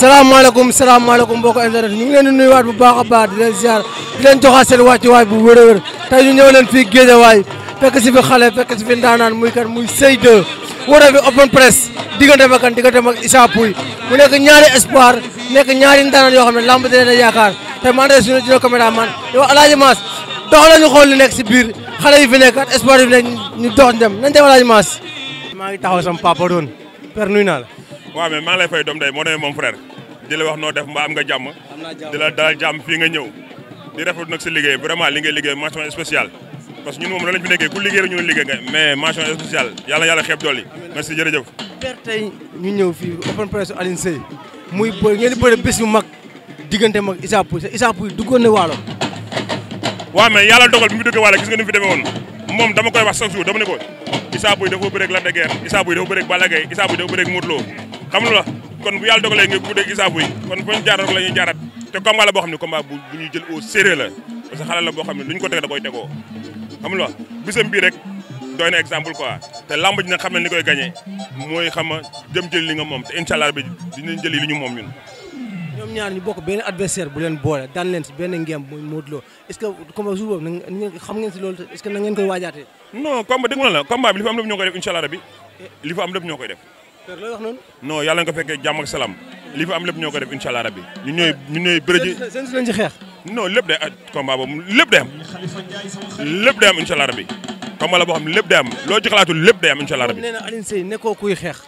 salaamaaleykum salaamaaleykum mbokk internet ñu ngi leen di nuyuwaat bu baax a baax di leen ziar di leen joxaat seen bu wér a wér tey ñu ñëw leen fii Géejawaay fekk si fi xale fekk si ndaanaan muy kan muy Seye 2 a fi open press diggante ba kan diggante ak Issa Pouye mu nekk ñaari espoir nekk ñaari ndaanaan yoo xam ne lamb dina yaakaar te man de suñu dina caméraman yow Alaaji Maas dox la ñu xool li nekk si biir xale yi fi nekk ak espoir ñu dox dem nañ dem Alaaji Maas maa ngi taxaw sama papa naa la waa mais maa ngi lay fay doom day moo demee moom frère di wax noo def mbaa am nga jàmm di la dalal fii nga ñëw di rafetlu nag si liggéey vraiment li ngay liggéey mention spéciale parce que ñun moom loolu lañ fi nekkee ku liggéey rek liggéey nga mais mention spéciale yàlla yàlla xeeb dool yi merci jërëjëf père tey ñu ñëw fii open press Alioune muy bëri ngeen di bëri bés mag diggante mag Issa Pouye duggoon na waalo waaw mais yàlla dogal bi mu duggee gis nga ni fi xam nga kon bu yàlla dogalee nga guddee gisaa buy kon fañ jaar rek la ñuy jaarat te combat la ne combat bu ñuy jël au sérieux la parce boo xam ne lu ñu ko teg da koy tegoo xam exemple quoi te lamb ji nag xam ne ni koy gagné mooy xam nga li nga moom te incha allah bi dinañ jëli ñu moom ñun. ñoom ñaar ñu bokk benn adversaire bu leen leen si benn ngeem na si loolu est-ce que na ngeen koy waajaatee. non combat am lépp ñoo koy def incha rabi li fa am lépp ñoo koy def non yàlla nga ko fekkee jàmm ak salaam li fi am lépp ñoo ko def incha allah rabbi ñu ñooy ñu ñooy bëre ji seen si lañ ci xeex non lépp day a combat boobu lépp day am lépp day am incha allah rabbi combat la boo xam lépp day am loo ci xalaatul lépp day am incha allah rabbi nee na Alioune nekkoo kuy xeex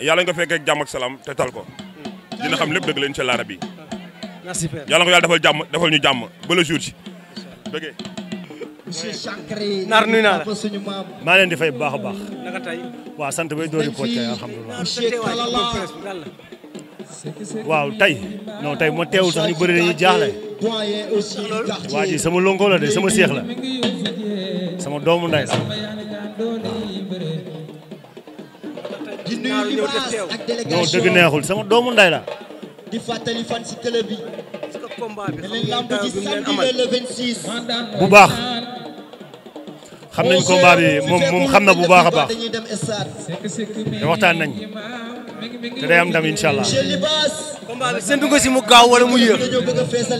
yàlla nga ko fekkee jàmm ak salaam te tal ko dina xam lépp dëgg la incha allah rabbi merci père yàlla nga ko yàlla defal jàmm defal ñu jàmm ba le jour ci naar nuyu naa la. maa leen di fay bu baax baax. tey. waaw sant bay doori ko tey alhamdulilah. waaw tey non tey ma teewul sax ñu bëri dañuy jaaxle. waa sama lonko la de sama seex la. sama doomu ndey la. non dëgg neexul sama doomu nday la. di fàttali fan si club bu baax. xam nañ ko bi moom moom xam na bu baax a baax te waxtaan nañ te day am ndam incha allah. si mu gaaw wala mu yéex.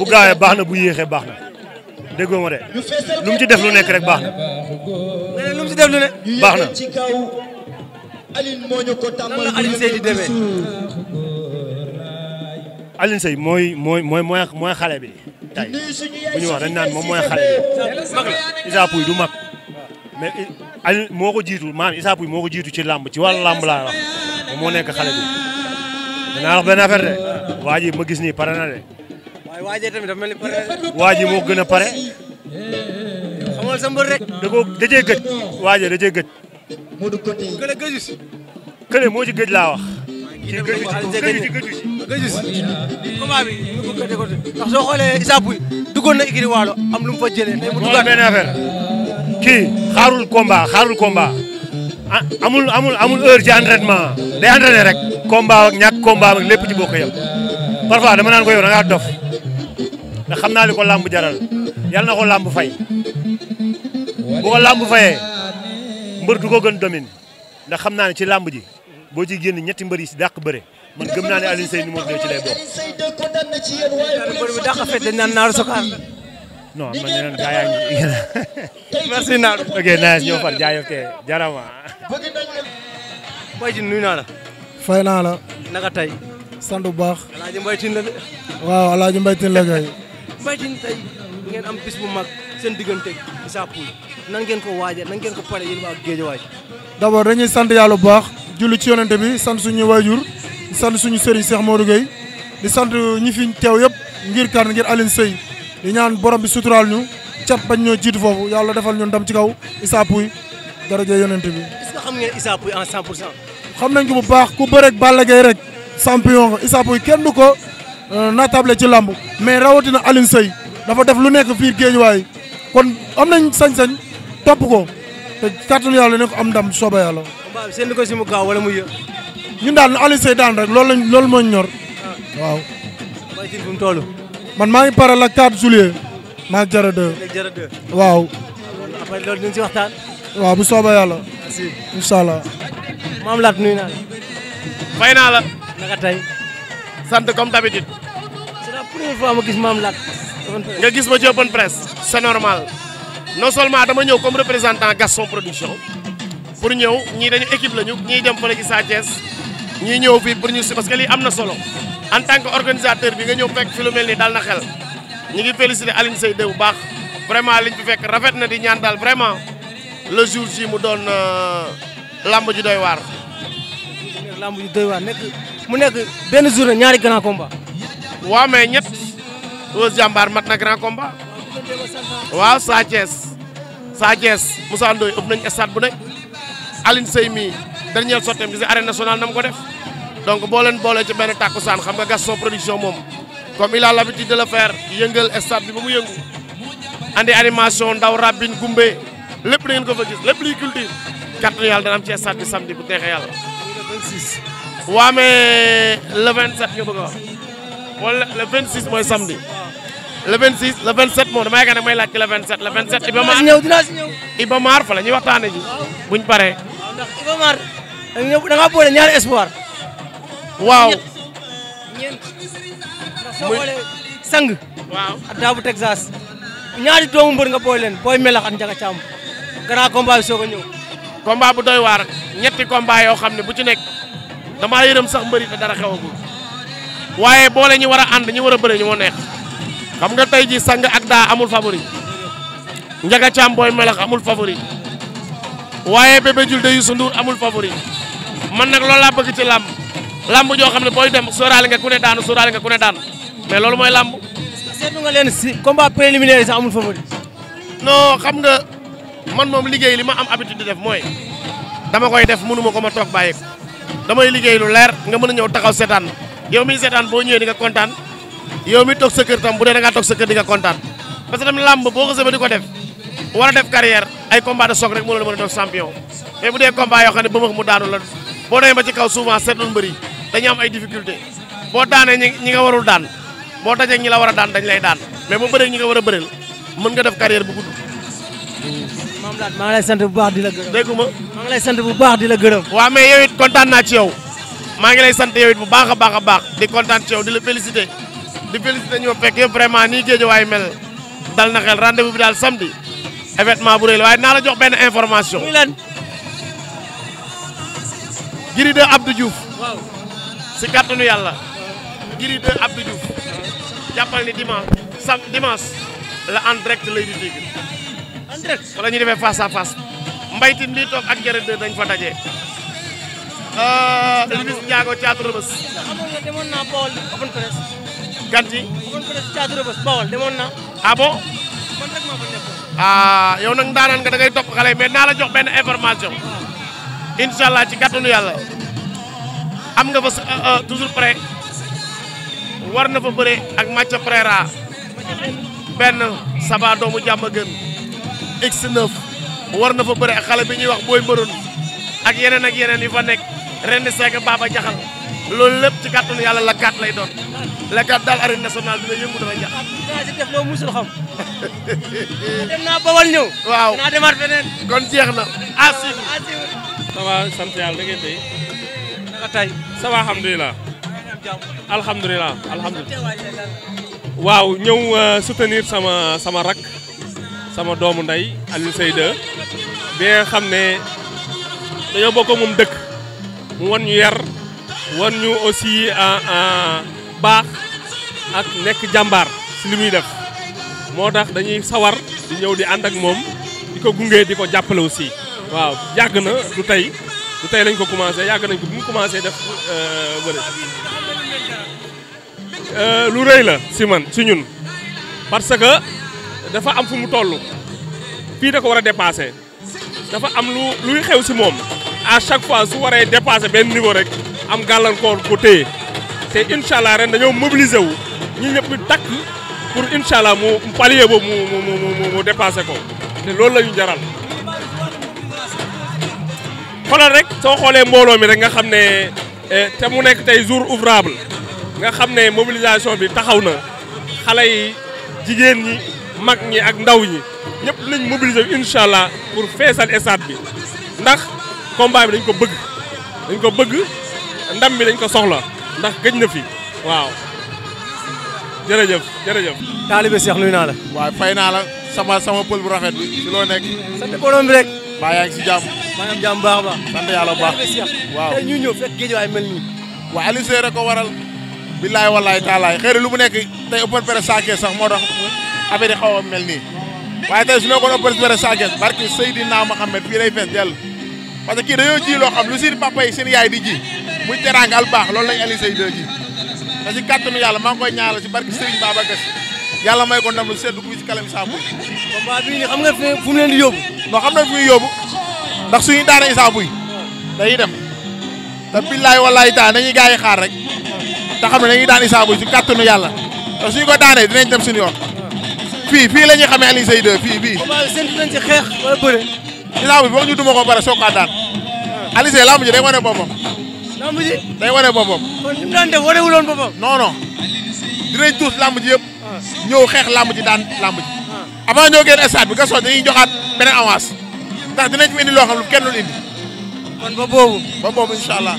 bu gaawee baax na bu yéex e baax na déggoo ma de ci def lu nekk rek baax na. mais lu mu ci def lu ne. baax na. nan la Alioune Seye di demee. Alioune Seye mooy mooy mooy mooy xale bi. tey bu ñu wax dañ naan moom mooy xale bi. Isa Pouye du mag. mais Alioune moo ko jiitu maanaam Issa moo ko jiitu ci làmb ci wàllu làmb laa wax moom moo nekk xale bi. dinaa wax benn affaire de waa ji gis ni pare na de. waaye waa ji tamit pare waa moo gën a pare. rek. da gëj. waa ji gëj. kële moo ci gëj laa wax. ci gëju ci gëju ci gëju si. gëju si gëj a ko duggoon na Ikiri Waalo am lu mu fa jëlee. tey mu duggaat kii xaarul combat xaarul combat amul amul amul heure ci entraînement day entraîné rek combat ak ñàkk combat ak lépp ci bokk yam parfois dama naan ko yow da dof ndax xam naa li ko làmb jaral yàlla na ko làmb fay bu ko làmb mbër du gën domine nda xam naa ne ci làmb ji boo ci génn ñetti mbër yi si dàq bëre man gëm naa ne Alioune Seye numéro 2 ci lay bokk. non man yeneen gaa merci naa ok nice ñoo far jaajëf jarama Mbaye Tine nuyu naa la fay naa la naka tey sant bu baax Alaaji Mbaye Tine la de waaw Alaaji Mbaye Tine la kay Mbaye Tine tey ngeen am bis bu mag seen diggante Issa Pouye nan ngeen ko waajal nan ngeen ko pare yéen waa Géejawaay d'abord dañuy sant yàlla bu baax julli ci yonente bi sant suñu waajur sant suñu sëriñ Cheikh Modou Gueye di sant ñi fi teew yëpp ngir kan ngir Aline Seye di ñaan borom bi suturaal ñu cat bañ ñoo jiitu foofu yàlla defal ñu ndam ci kaw Issa Pouye daraja yonent bi. est-ce que xam ngeen Issa Pouye en 100 pour xam nañ ko bu baax ku bëreeg Balla Gaye rek champion nga Issa kenn du ko euh, naatable ci làmb mais rawatina Alioune Seye dafa def lu nekk fii géejuwaay kon am nañ sañ-sañ topp ko te kàttanu yàlla ne ko am ndam sooba yàlla. combat bi seen ko si mu gaaw wala mu yë. ñun daal Alioune Seye daan rek loolu lañ loolu moo ñor ah. waaw. mooy man maa ngi pare la 4 juillet maa jara 2 waaw. loolu ñu ci waxtaan. waaw bu soobee yàlla. merci incha allah. maam laat nuyu naa la. fay naa la. naka tey. sant comme d'habitude. c'est la première fois ma gis maam laat. nga gis ma ci open presse. c'est normal non seulement dama ñëw comme représentant Gaston production pour ñëw ñii dañu équipe lañu ñii dem fële ci Sa ñuy ñëw fii pour ñu si parce que lii am na solo en tant que organisateur bi nga ñëw fekk fi lu mel nii dal na xel ñu ngi félicité Alioune Seye bu baax vraiment liñ fi fekk rafet na di ñaan daal vraiment le jour si mu doon euh, lamb ju doy waar. lamb ju doy waar nekk mu nekk benn journée ñaari grand combat. waaw mais ñett Weuz Diambar mat na grand combat. waaw Sa Thiès Sa Thiès Moussa Ndoye nañ stade bu ne Alioune Seye mi dernière sorteem gis nga arène nationale nam ko def donc boo leen boolee ci benn tàkkusaan xam nga Gaston production moom comme il a l'habitude de le faire yëngal stade bi ba mu yëngu andi ndaw rabine gumbe lépp da ngeen ko fa gis lépp luy culture kàttanu yàlla dana am ci stade bi samedi bu neexee yàlla. waa mais le 27 nga bëgg a wax wala le 26 mooy samedi. le 26 le 27 moom damay yaakaar ne may laaj ci le 27 Ibamaar dinaa si ñëw dinaa buñ paree. da ngaa boole ñaari espoir. waaw. ñeent muy sang. waaw ak Texas. ñaari doomu mbër nga boole leen booy melax ak Ndiaga Thiam. grand combat bi soog a bu doy waar ñetti combat yoo xam ne bu ci nekk damaa yërëm sax mbëri te dara xewagul waaye boole ñi war a ànd ñi war a bëre ñu moo neex xam nga tey ji sang ak daa amul favori Ndiaga Thiam booy melax amul favori waaye bébé Julde Youssou Ndour amul favori man nag loolu laa bëgg ci làmb làmb joo xam ne booy dem sóoraale nga ku ne daanu sóoraale nga ku daanu mais loolu mooy làmb. seetlu leen si combat préliminaire yi sax amul favori. xam nga man moom liggéey li ma am habitude def mooy dama koy def mënu ma ko ma toog bàyyi ko damay liggéey lu leer nga mën a ñëw taxaw seetaan yow mi seetaan boo ñëwee di nga kontaan yow mi toog sa kër tam bu dee da toog sa kër di nga kontaan parce que tam làmb boo ko sëbee di ko def war a def a def champion mais bu boo demee ba ci kaw souvent ah, seetlu mbër yi dañu am ay difficulté boo daanee ñi nga warul daan boo dajee ñi la war daan dañ lay daan mais bu bëree ñi nga war a bëreel mën nga def carrière bu gudd. maam laat maa ngi lay sant bu baax di la gërëm. déggu ma maa ngi sant bu baax di la gërëm. waaw mais yow it ci yow maa ngi lay sant yow it bu baax a baax a baax di kontaan ci yow di la félicité di félicité ñoo fekk yëpp vraiment nii géejawaay mel dal na xel rendez bi daal samedi événement bu rëy la waaye naa la jox benn information. Gris 2 Abdou Diouf. waaw si yàlla. Gris 2 jàppal ni dimanche la en direct lay di dégg. en direct wala ñu defee face à face. mbaytin ak Gris 2 dañ fa daje. Euh, Liss Ndiago Thiatou Rebeuss. amoon na demoon naa Bawol di open press. Ah ah, nga da ngay xale mais naa la jox benn information. incha allah ci kàttanu yàlla am nga fa euh, euh, toujours prêt war na fa bëre ak Mathia Prera benn saba doomu jàmm gën x9 war na fa bëre ak xale bi ñuy wax booy mbëroon ak yeneen ak yeneen yi fa nekk ren di seeg ba jaxal loolu lépp ci kàttanu yàlla la kat lay doon la kat daal a nationale dina yëngu dana jax dinaa si musul xam dem naa ñëw waaw naa demaat feneen kon jeex na asib sant yàlla da ngeen waaw ñëw euh, soutenir sama sama rak sama doomu ndey Alioune Seye 2 bi xam ne dañoo bokk moom dëkk mu wan ñu yar wan ñu aussi euh, euh, baax ak nekk jàmbaar si li muy def moo tax dañuy sawar di ñëw di ànd ak moom di ko gunge di ko jàppale aussi. waaw yàgg na du tey du tey lañ ko commencé yàgg nañ ko bu mu commencé def bëri euh, euh, lu rëy la si man si ñun parce que dafa am fu mu toll fii da ko war a dépassé dafa am lu luy xew si moom à chaque fois su waree dépassé benn niveau rek am gàllankoor ko téye te incha allah ren dañoo mobiliser wu ñun ñëpp ñu takk pour incha allah mu palier boobu mu mu mu mu dépassé ko te loolu lañu jaral. xoolal rek soo xoolee mbooloo mi rek nga xam ne eh, te mu nekk tey jour ouvrable nga xam ne mobilisation bi taxaw na xale yi jigéen ñi mag ñi ak ndaw ñi ñëpp nañ mobiliser incha allah pour feesal stade bi ndax combat bi dañ ko bëgg dañ ko bëgg ndam bi dañ ko soxla ndax gëj na fi waaw jërëjëf jërëjëf. taalibe Cheikh nuyu naa la. waaw fay naa la sama sama pël bu rafet bi si loo nekk. sant borom bi rek. mbaa yaa ngi si jàmm. maa ngi am jàmm baax a baax. sant yàlla bu baax waaw tey ñu ñëw fekk géej waay mel nii. waaw Alioune Seye rek waral. billaay wallaay taalaay xëy na lu mu nekk tey open presse saakee sax moo tax affaire yi xaw a mel nii. waaye tey su nekkoon open presse saakee barki Seydina Mohamed fii lay fees dell. parce que kii dañoo ji loo xam lu seen papa yi seen yaay di ji muy teraangal baax loolu lañ Alioune Seye di ji. te si kàttanu yàlla maa ngi koy ñaanal si barki Serigne Babacar yàlla may ko ndam lu sedd guy si kalam Issa Pouye. combat bii nii xam nga fu mu leen na fu muy yóbbu ndax suñu daara Issa Pouye dañuy dem te billaay walaay taa dañuy gars yi xaar rek te xam ne dañuy daan Issa Pouye si kàttanu yàlla te suñu ko daanee dinañ dem suñu yoon. fii fii la ñuy xamee Alioune Seye 2 fii fii. combat bi séntu nañ ci xeex wala bëre. Issa Pouye foog ko pare soog a daan Alioune Seye lamb ji day wane boppam. lamb ji day wane boppam. kon ni mu daan def wane wuloon yëpp ñëw xeex làmb ji daan làmb ji avant ñoo génn stade bi Gaston dañuy joxaat beneen avance ndax dinañ fi indi loo lu kenn lu indi kon ba boobu ba boobu incha allah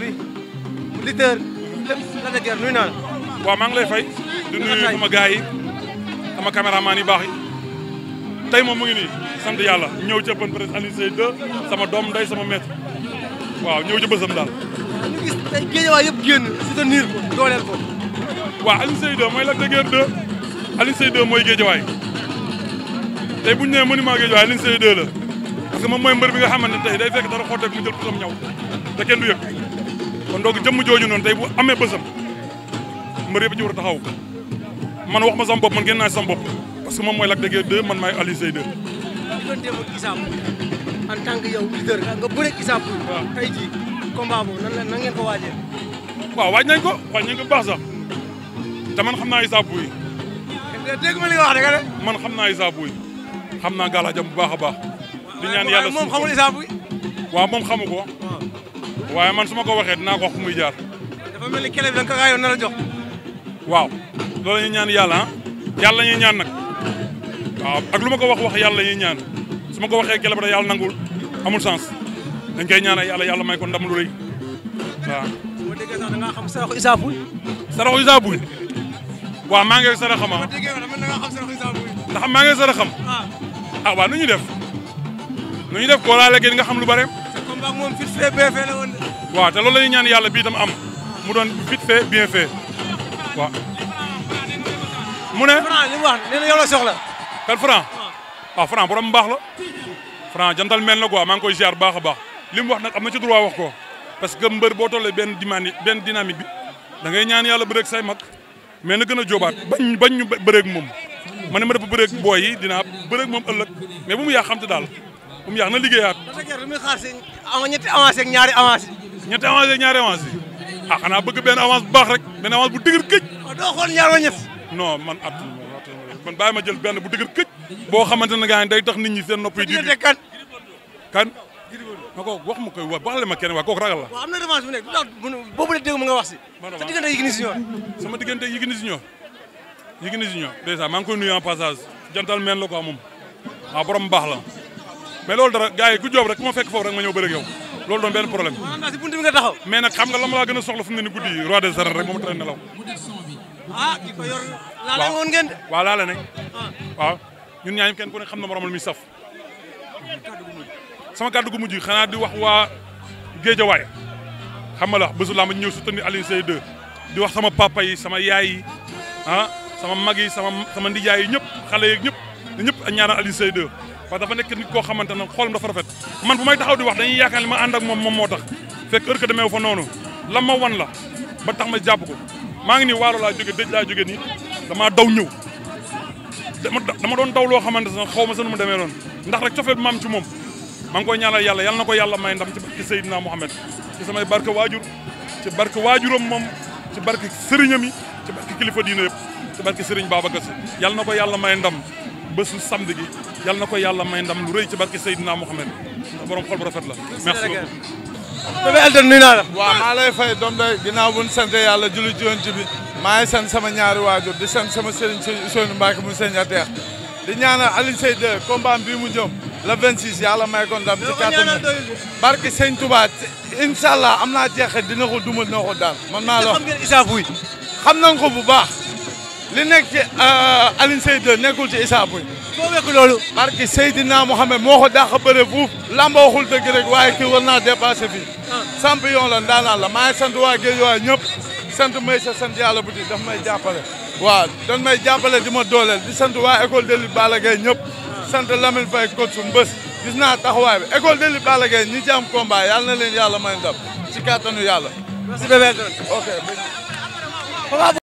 bi mu lutteur la de guerre nuyu naa la maa ngi lay fay di nuyu sama gars yi sama caméraman yi baax yi tey moom mu ngi nii sant yàlla ñëw ci open press Alioune sama doom nday sama maître waaw ñëw ci daal ñu gis tey géejawaay yëpp génn soutenir ko dooleel ko. waaw Alioune Seye mooy Lac de Guiers 2 Alioune mooy géejawaay tey bu ñu nee monument géejawaay Alioune Seye la parce que moom mooy mbër bi nga xamante ne tey day fekk dara xotteeku mu jël bésam ñaw te kenn du yëg kon donc jëmm jooju noonu tey bu amee bésam mbër yëpp ci taxaw man wax ma sama bopp man génn naa sama bopp parce que moom mooy Lac de Guiers man maay Alioune Seye 2. en tant que yow leader nga bëre exemple combat boobu nan la nan ko waajee. waaw waaj nañ ko waaj nañ ko baax sax te xam naa Issa ma li nga wax dëgg man xam naa Issa Pouye bu baax a baax. di ñaan yàlla moom waaw moom xamu ko. waaye man su ma ko waxee dinaa ko wax fu jaar. dafa mel ni kele da nga ko aayoon na waaw loolu la ñuy ñaan yàlla ah yàlla ñuy ñaan nag waaw ak lu ma ko wax wax yàlla ñuy ñaan su ma ko waxee kele ba yàlla nangul amul sens. dañ koy ñaanal yàlla yàlla may ko ndam lu rëy waaw. maa ngi ak saraxam maa ngi ak saraxam. Ah. ah waaw nu ñu def. nu ñu def koo laa nga xam lu bare. sa la woon de. waaw te ñaan yàlla bii tam am mu doon vite fait bien fait waaw. mu ne. Franc li la soxla. kan Franc. waaw ah. ah, Franc borom baax la. Franc jantal mel na quoi maa ngi koy ziar baax a baax. li wax nag am na ci droit wax ko parce que mbër boo tollee benn dimani benn dynamique bi da ngay ñaan yàlla bëreeg say mag mais na gën a joobaat bañ bañ ñu bëreeg moom. ma ne ma dafa bëreeg booy dina dinaa bëreeg moom ëllëg mais bu mu yàq xam te daal bu mu yàq na liggéeyaat. lu muy xaar seen ñetti avancé ak ñaari avancé. ñetti avancé ñaari avancé ah xanaa bëgg benn avance bu baax rek benn avance bu dëgër këj. Oh, doo xool ñaar wa ñett. non man at man bàyyi ma jël benn bu dëgër këj. boo xamante ne gars day tax nit ñi seen nopp yi. di kan kan. ma ko wax ma koy wax wax la ma kenn waa kooku ragal la. waaw am na boobu la dégg mu nga wax si. sa diggante Yékini Junior. sama diggante Yékini Junior Yékini Junior dèjà maa ngi koy nuyu en passage jantal meen la ah, borom baax la mais loolu dara gars yi ku joob rek ku ma fekk foofu rek ma ñëw bëri ak yow loolu doon benn problème. waaw si buntu bi nga taxaw. mais laa gën a soxla fu mu ne guddi yi roi des rek moom traité nelaw. ah ki ko yor laa leen woon ngeen de. waaw laa leen ne ah. waaw ñun ñaañu kenn ku ne na moromam mi saf sama kàddu gu mujj xanaa di wax waa Géejawaay xam nga la wax bésu làmb ñëw su tënni Alioune Seye 2 di wax sama papa yi sama yaay yi ah, sama mag yi sama sama ndijaay yi ñëpp xale yeeg ñëpp ñëpp a ñaanal Alioune Seye 2 parce que dafa nekk nit koo xamante ne xoolam dafa rafet man bu may taxaw di wax dañuy yaakaar ne ma ànd moom moom moo tax fekk heure que demeewu fa noonu lan ma wan la ba tax ma jàpp ko maa ngi nii waalo laa jóge dëj laa jóge nii damaa daw ñëw dama doon daw loo xamante ne xaw ma sa nu mu demee noonu ndax rek cofeet maam ci moom maa ngi koy ñaanal yàlla ko yàlla may ndam ci barke Seydina Mohamed ci samay barke waajur ci barke waajuram moom ci barke sëriñam yi ci barke kilifa diina yëpp ci barke sëriñ Babacar Si yàlla na ko yàlla may ndam bésu samedi gi na ko yàlla may ndam lu rëy ci barke Seydina Mohamed borom xol bu rafet la merci beaucoup Bébé Elton nuyu naa la. waaw maa lay fay sama ñaari waajur di sant sama sëriñ Sëriñ Ousseynou Mbacke mu sëriñ Ateex di ñaanal Alioune Seye 2 bii mu jëm le 26 yàlla may ko ndam ci kàttan barke sëñ Touba incha allah am naa jeexe dina ko duma dina ko daal man maa la wax Issa xam nañ ko bu baax li nekk ci euh, Alioune Seye 2 nekkul ci Issa Pouye foo wekk loolu barke Seydina Mohamed moo ko dàq bëre fuuf lamba waxul dëgg rek waaye kii war naa dépassé fii ah. champion la ndaanaan la maa ngi sant waa Guédiawaye ñëpp sant may sa sant bu di daf may jàppale waaw dañ may jàppale di ma dooleel di sant waa école de lutte Balla Gaye ñëpp sant Lamine Faye coach mbës gis naa taxawaay bi école de lutte Balla Gaye ñi ci am combat yàlla na leen yàlla may ndam ci kàttanu yàlla. merci beaucoup ok.